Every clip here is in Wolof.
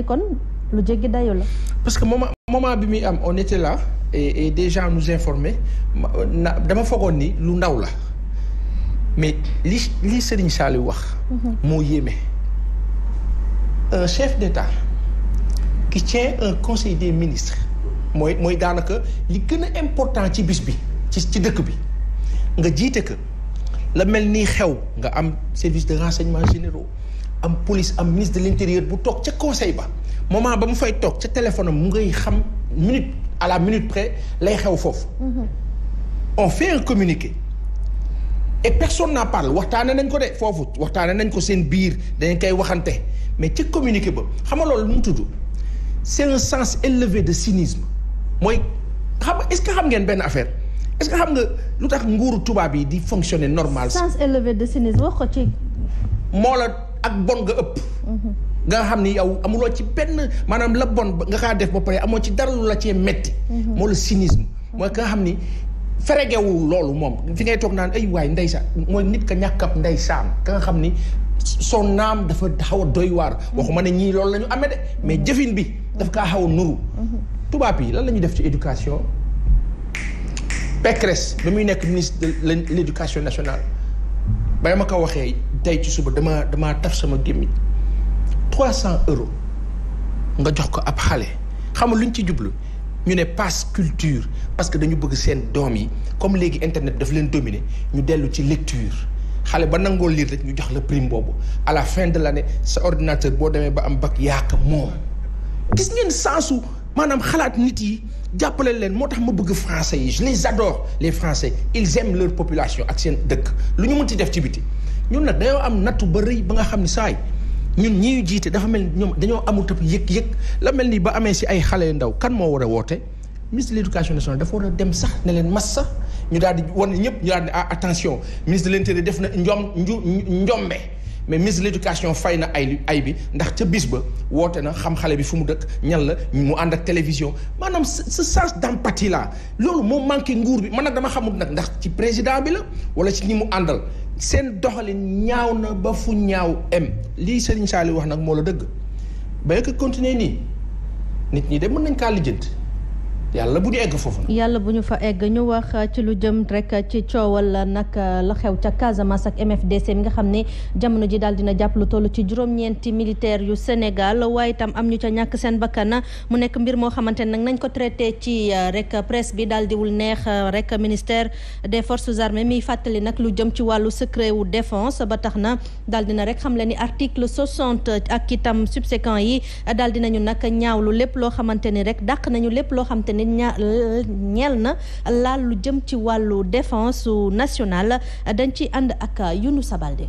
kon lu jéggi dayu la. parce que moment moment bi muy am on était là et, et des nous informaient dama foogoon ni lu ndaw la mais li li Serigne Saliou wax. Mhm. moo yéeme. chef d'État qui tient un conseil des ministre mooy mooy daanaka li gën a important ci bis bi ci ci dëkk bi nga jiite que la mel ni xew nga am service de renseignement générau am police am ministre de l'intérieur bu toog ca conseil ba moment ba mu fay toog ca téléphone am mu ngay xam minute à la minute près lay xew foofu. on fait un communiqué. et personne n'en parle waxtaane nañ ko de foofu waxtaane nañ ko seen biir dañ koy waxante mais ci communiqué ba xam nga loolu mu tudd c'est un sens élevé de cynisme mooy xam nga est-ce que xam ngeen benn affaire est-ce que xam nga lu tax nguuru tubaab yi di fonctionner normal. sens élevé de cynisme wax ko ci. ak bon nga ëpp nga xam ni yow amuloo ci benn maanaam la bon nga kaa def ba pare amoo ci dara lu la cee metti mhm. moo la cynisme mhm. mooy ka nga xam ni feregewul loolu moom fi ngay toog naan ay waay ndeysaan mooy nit ka ñàkk ab ndeysaan ka xam ni soo naam dafa xaw a doy waar mhm. waxuma ne ñii loolu lañu ñu amee de mais jëfin bi daf kaa xaw nuru tubaab yi lan la def ci éducation Pécresse ba muy nekk ministre de l'éducation nationale bay ma ko waxee tey ci suba damaa damaa taf sama gémmiñ trois cent euros nga jox ko ab xale xam nga luñ ci jublu ñu ne passe culture parce que dañu bëgg seen doom yi comme léegi internet daf leen dominer ñu dellu ci lecture xale ba nangoo lii rek ñu jox la prime boobu à la fin de l'année sa ordinateur boo demee ba am bac yaaka moom gis ngeen sensu maanaam xalaat nit yi jàppale leen moo tax ma bëgg français yi je les adore les français ils aiment leur population ak seen dëkk lu ñu mën ci def ci biti ñun nag dañoo am nattu ba rëy ba nga xam ni saay ñun ñii jiite dafa mel ni ñoom dañoo amul tëb yëg-yëg la mel ni ba amee si ay xale ndaw kan moo war a woote ministre de l' éducation nationale dafa war a dem sax ne leen mas sax ñu daal di wan ñëpp ñu daal di ah, attention ministre de l' intérieur def na njom njombe mais mise l'éducation fay na ay ay bi ndax ca bis ba woote na xam xale bi fu mu dëkk ñan la mu ànd ak télévision maanaam ce sens d'empathie là loolu moo manqué nguur bi man nag dama xamul nag ndax ci président bi la wala ci ni mu àndal seen doxalin ñaaw na ba fu ñaaw em lii Serigne Saliou wax nag moo la dëgg ba que continuer nii nit ñi de mën nañ kaa lijjanti yàlla bu ñu egg foofu nag. yàlla bu ñu fa egg ñu wax uh, ci lu jëm rek uh, ci coowal uh, nag la xew ca Casamance ak MFDC mi nga xam ni jamono ji daal dina jàpp lu toll ci juróom-ñeenti militaire yu Sénégal waaye itam am ñu ca ñàkk seen bakkana mu nekk mbir moo xamante ne nag nañ ko traité ci rek presse bi daal diwul neex rek ministère des forces armées miy fàttali nag lu jëm ci wàllu secret wu défense ba tax na daal na rek xam le ni article soixante ak itam subséquent yi daal dinañu nag ñaawlu lépp loo xamante ni rek ne na laal lu jëm ci wàllu défense nationale dañ ci ànd ak Younousa Baldé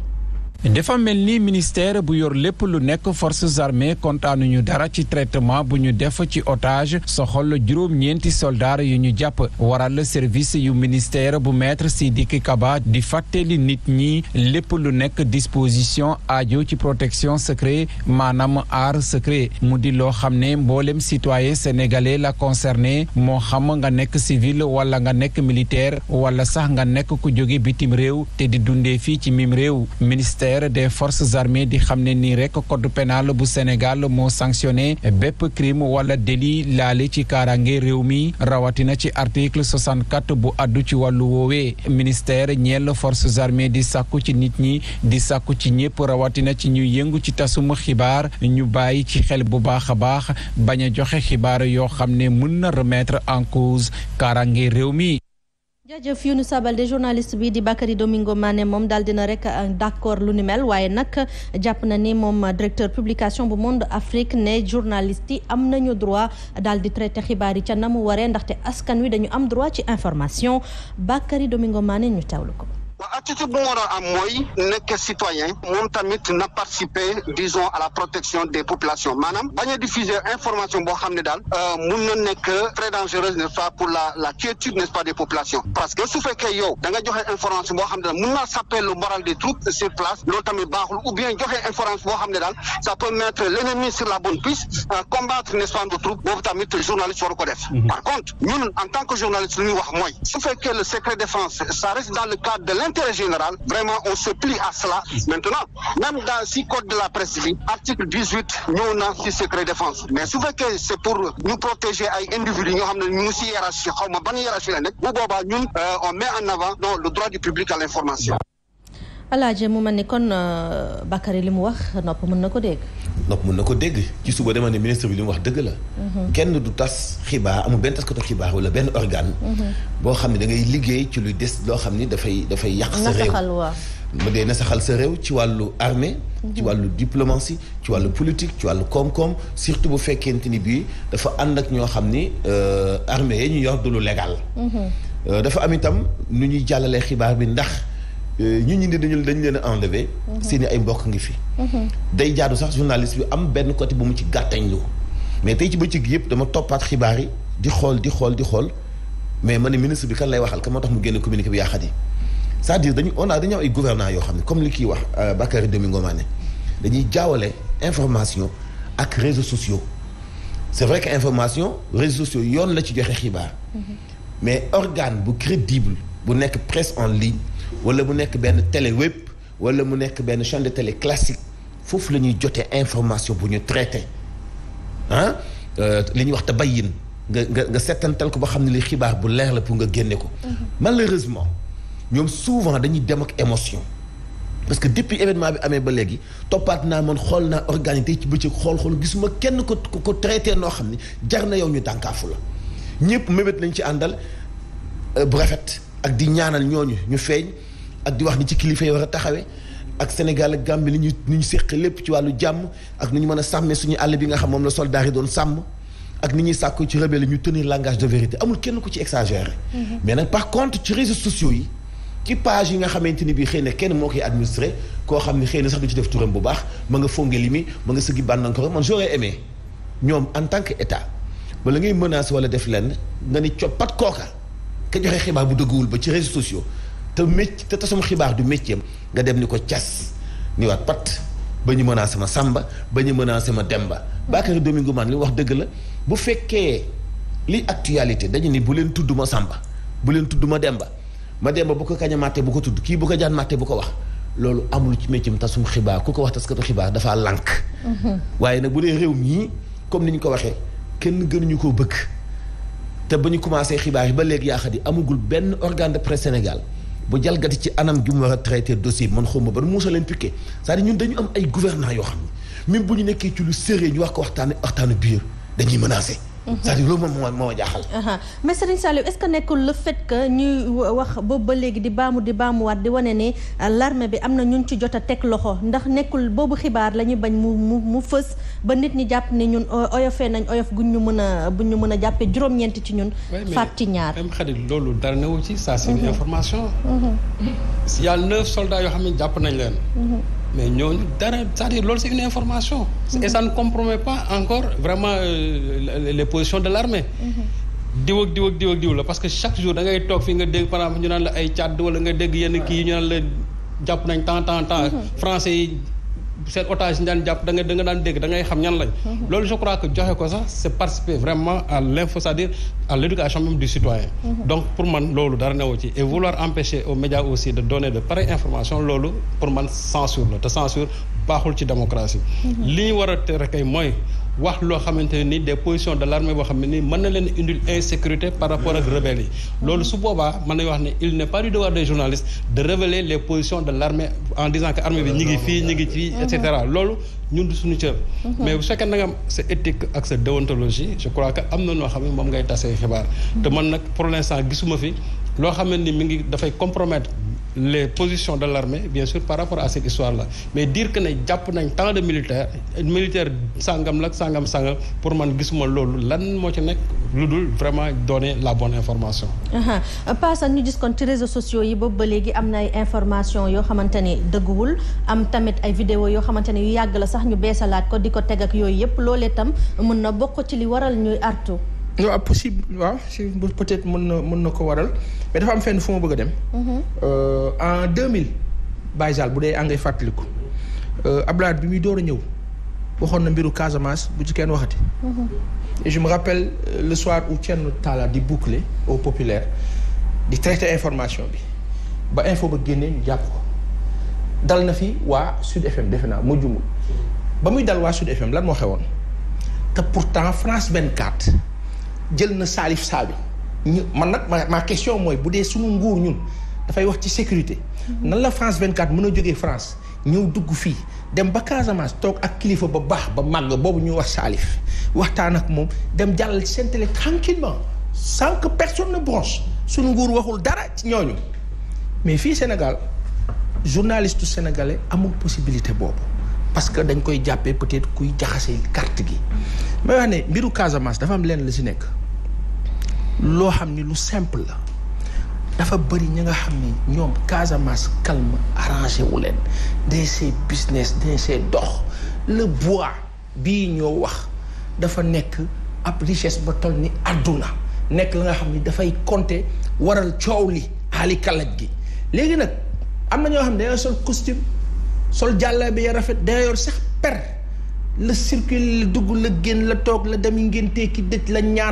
dafa mel ni ministère bu yor lépp lu nekk forces armées kontaanuñu dara ci traitement bu ñu def ci otage soxol juróom-ñeenti soldaar yu ñu jàpp waral service yu ministère bu maître Sidiki Kaba di fàttali nit ñi lépp lu nekk disposition aajo ci protection secret maanaam aar secret mu di loo xam ne mboolem citoyen sénégalais la concerné moo xam nga nekk civil wala nga nekk militaire wala sax nga nekk ku jóge bitim réew te di dundee fii ci mim réew ministère des forces armées di xam ne nii rek code pénal bu Sénégal moo sanctionné bépp crime wala délit laale ci kaaraange réew mi rawatina ci article 64 bu addu ci wàllu woowee ministère ñeel forces armées di sàkku ci nit ñi di sàkku ci ñëpp rawatina ci ñuy yëngu ci tasuma xibaar ñu bàyyi ci xel bu baax a baax bañ a joxe xibaar yoo xam ne mën na remettre en cause kaaraange réew mii jërëjëf Younoussa Baldé journaliste bii di Bakary Domingo Mané moom daal dina rek euh, d'accord lu ni mel waaye nag jàpp na ni moom directeur publication bu Monde Afrique ne journaliste yi am nañu droit dal di traité xibaar yi ca na mu waree ndaxte askan wi dañu am droit ci information Bakary Domingo maane ñu teewlu ko. attitude bu mu war a am mooy nekk citoyen moom tamit na participer disons à la protection des populations maanaam bañ a diffuser information boo xam ne daal euh, très dangereuse nest pas pour la la nest pas des populations parce que su fekkee yow da nga joxe information boo xam le moral des troupes sur place loolu tamit baaxul ou bien joxe information boo xam ça peut mettre l'ennemi sur la bonne piste euh, combattre nest pas nos troupes boobu tamit journaliste intérêt général vraiment on à cela maintenant même dans si code de la presse bi article dix-huit ñëw mais su fekkee c'est pour ñu protéger ay individus ñoo xam ne ñu ngi ci hiérarchie xaw ma ban hiérarchie la nekk bu boobaa ñun euh, on met Alaaji mu mel ni kon euh, Bakary li mu wax nopp mën na ko dégg. nopp mën na ko dégg ci suba dama ne ministre bi li mu wax dëgg la. Mhm. kenn du tas xibaar amul benn taskatu xibaar wala benn organe. Mhm. boo xam ne da ngay liggéey ci luy des loo xam ni dafay dafay yàq sa réew. mu dee na saxal sa réew ci wàllu armée ci mhm. wàllu diplomatie ci wàllu politique ci wàllu koom-koom surtout bu fekkente ni bii dafa ànd ak ñoo xam ni euh, armée yi ñu yor du lu légal. Euh, dafa am itam nu ñuy jàllalee xibaar bi ndax. Euh, ñu ñi ne dañu dañ leen a enlever mhm. seeni ay mbokk ngi fi mhm. day jaadu sax journaliste bi am benn côté bu mu ci gàttañ lu mais tey ci bëccëg yëpp dama toppaat xibaar yi di xool di xool di xool mais ma ne ministre bi kan lay waxal kan moo tax mu génn communiqué bi yaaxat yi c'est-à-dire dañu on dañu am ay gouvernants yoo xam ne comme li kii wax euh, Bakary Domingo Mané dañuy jaawale information ak réseaux sociaux c'est vrai que information réseaux sociaux yoon la ci joxe xibaar mhm. mais organe bu crédible bu nekk presse en wala mu nekk benn télé web wala mu nekk benn chaîne de télé classique foofu la ñuy jotee information bu ñu traité ah euh, li ñuy wax te bayin nga nga nga settantal ko ba xam ne li xibaar bu leer la pour nga génne ko. Mhm. malheureusement ñoom souvent dañuy dem ak émotion. parce que depuis événement bi amee ba léegi toppaat naa man xool naa organité ci bëccëg xool xool gisuma kenn ko ko traité noo xam ne jar na yow ñu dànkaafu la ñëpp mébét nañ ci àndal euh, bu rafet. ak di ñaanal ñooñu ñu feeñ ak di wax ni ci kilifa yi war a taxawee ak Sénégal ak Gambie li ñu li ñu séq lépp ci wàllu jàmm ak ni ñu mën a sàmmee suñu àll bi nga xam moom la soldat yi doon sàmm ak ni ñuy sàkku ci rebelle ñu tenir langage de vérité amul kenn ku ci exagéré. Mhm. mais nag par contre ci réseaux sociaux yi. ci page yi nga xamante ni bii xëy na kenn moo koy administré koo xam ne xëy na sax du ci def turam bu baax ma nga fonge li mi ma nga sëggi bànnankoro man j'aurais aimé ñoom en tant que état ba ngay menace wala def lenn nga ni coppat kooka. ka joxe xibaar bu dëgguwul ba ci réseaux sociaux te mécc te tasum xibaar du métier nga dem ni ko cas ni waat pat ba ñu menacé ma Samba ba ñu menacé ma Demba. Bakary Domingo Man li wax dëgg la bu fekkee li actualité dañu ni bu leen tudd ma Samba bu leen tudd ma Demba ma Demba bu ko kañ a bu ko tudd kii bu ko jaan màttee bu ko wax. loolu amul ci méccam tasum xibaar ku ko wax taskatu xibaar dafaa lànk. Mhm. waaye nag bu dee réew mii comme ni ñu ko waxee kenn gënuñu koo bëgg. te ba ñu commencé xibaar yi ba léegi yaa di amagul benn organe de presse Sénégal bu jalgati ci anam gi mu war a traité dossier man xaw ma ban muusa leen piqué c'est-à-dire ñun dañu am ay gouvernants yoo xam ne même bu ñu nekkee ci lu sérieux ñu wax ko waxtaane waxtaanu biir dañuy menacé. c'est-à-dire loolu moom moo moo jaaxal. Uh-huh. mais Serigne Saliou est-ce que nekkul le fait que ñuy wax boobu ba léegi di baamu di baamuwaat di wane ne uh, larme bi am na ñun ci jot a teg loxo ndax nekkul boobu xibaar la ñuy bañ mu mu mu fës ba nit ñi jàpp ne ñun oyofee nañ oyof guñ ñu mën a buñ ñu mën a jàppee juróom-ñeent ci ñun. faat ci ñaar même xarit loolu dara newu ci saa c'est mm-hmm. information. Mm-hmm. il y a neuf soldats yoo xam ne jàpp nañ leen. Mm-hmm. mais ñooñu dara c'est-à-dire loolu une information mm-hmm. et ça ne compromet pas encore vraiment euh, les positions de l'armée mm-hmm. diw ak diw ak diw ak diw la parce que chaque jour da toog fii nga dégg par exemple ñu naan la ay càdd wala nga dégg yenn kii ñu naan la jàpp nañ temps tant tant mm-hmm. français yi seen otage ñu daan jàpp da nga da nga daan dégg da ngay xam ñan lañ mhm. loolu je crois que joxe ko sax c'est participer vraiment à l'info à l'éducation même du citoyen mhm. donc pour man loolu dara newu ci et vouloir empêcher aux médias aussi de donner de pareilles informations loolu pour man censure la te censure baaxul ci démocratie mhm. li ñu a tere kay mooy wax loo xamante ne ni des positions de l'armée boo xam ne ni mën na leen indil insécurité par rapport ak rebelles yi loolu su boobaa mën nañu wax ne il n'est pas du devoir des journalistes de révéler les positions de l'armée en disant que armée bi ñi ngi fii ñi ngi fii et cetera mhm. loolu ñun du suñu cër mhm. mais bu fekkee na nga am sa éthique ak sa déontologie je crois que am na noo xam ne moom ngay tasee xibaar mhm. te man nag problème l'instant gisuma fi loo xam ni mi ngi dafay compromettre les positions de l'armée bien sûr par rapport à cette histoire-là mais dire que ne jàpp nañ tant de militaires militaire sàngam la sangam sangam pour man gisuma loolu lan moo ci nekk lu dul vraiment donner la bon information. Paa ñu gis kon ci réseaux sociaux yi boobu ba léegi am na ay information yoo xamante ne dëgguwul am tamit ay vidéo yoo xamante ne yu yàgg la sax ñu beesalaat ko di ko teg ak yooyu yëpp loolee tam mën na bokk ci li waral ñuy artu. waaw possible waaw si peut-être mën na mën na ko waral. mais dafa am fenn fu ma bëgg a dem. Mhm. Euh, en 2000 Baye Sall bu dee engrais fàttaliku euh, Abdoulaye bi muy door a ñëw waxoon na mbiru Casamance bu ci kenn waxati. Mhm. et je me rappelle euh, le soir où Thierno Talla di boucler au populaire di traiter information bi ba info ba génnee ñu jàpp ko dal na fi waa Sud FM defe naa mu jumul ba muy dal waa Sud FM lan moo xewoon te pourtant France 24 jël na Salif Sadio. ñu man nag ma question mooy bu dee suñu nguur ñun dafay wax ci sécurité. Mhm. nan la France 24 mën a jógee France ñëw dugg fii dem ba Casamance toog ak kilifa ba baax ba màgg boobu ñuy wax Salif waxtaan ak moom dem jàllal ci seen télé tranquillement sans que personne bronche suñu nguur waxul dara ci ñooñu mais fii Sénégal journaliste sénégalais amul possibilité boobu parce que dañ koy jàppee peut-être kuy jaxase carte gi. may wax ne mbiru Casamance dafa am la si nekk. loo xam ni lu simple la dafa bëri ñi nga xam ni ñoom Casamance calme arrangé wu leen dañ see business dañ see dox le bois bii ñoo wax dafa nekk ab richesse ba toll ni àdduna nekk la nga xam ni dafay compter waral coow li xaali kalaj gi léegi nag am na ñoo xam ne dañoo sol costume sol jàlla bi ya rafet dañoo yor sax per la circuit la dugg la génn la toog la dem ngénte ki dëj la ñaan